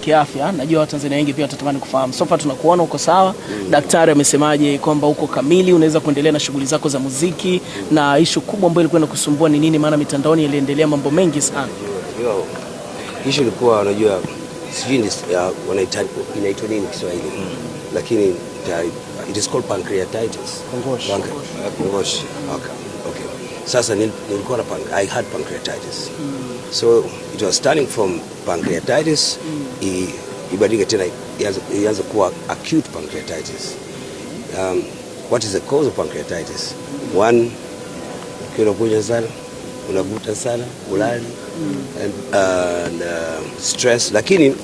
kiafya. Najua Watanzania wengi pia watatamani kufahamu. Sofa, tunakuona uko sawa mm. Daktari amesemaje kwamba uko kamili, unaweza kuendelea na shughuli zako za muziki mm. na ishu kubwa ambayo ilikuwa inakusumbua ni nini? Maana mitandaoni iliendelea mambo mengi sana. Ishu ilikuwa unajua, sijui wanaita inaitwa nini Kiswahili mm. lakini it is called pancreatitis. Kongoshi. Pancreatitis. Kongoshi. Okay. Okay. Sasa nilikuwa na I had pancreatitis. Mm. So it was turning from pancreatitis mm. ibadilike tena ianze kuwa acute pancreatitis. Um, what is the cause of pancreatitis? Mm. One, unakunywa sana, unavuta sana, ulali mm. and, uh, and uh, stress, lakini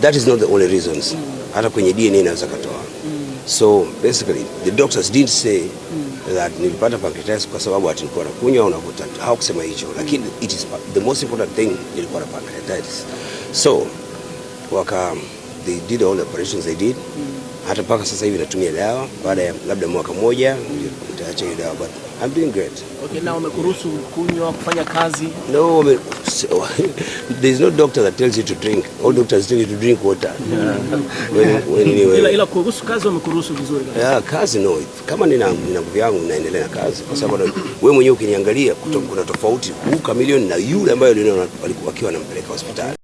that is not the only reasons. Mm. Hata kwenye DNA inaweza katoa. Mm. So basically the doctors didn't say mm that nilipata pancreatitis kwa sababu ati nilikuwa nakunywa au navuta. Hawakusema hicho, mm. lakini it is the most important thing, nilikuwa na pancreatitis. So waka they did all the operations they did. mm. Hata mpaka sasa hivi natumia dawa, baada ya labda mwaka mmoja mm. nitaacha hiyo dawa, but I'm doing great. Okay, mm -hmm. na umekuruhusu kunywa, kufanya kazi? No, there's no doctor that tells you to drink. All doctors tell you to drink water. Yeah. When, when Ila, ila kuhusu kazi wamekuruhusu vizuri Yeah, kazi no. Kama nina nguvu yangu naendelea na kazi kwa sababu wewe mwenyewe ukiniangalia kuna tofauti huu Chameleone na yule ambaye alikuwa akiwa anampeleka hospitali.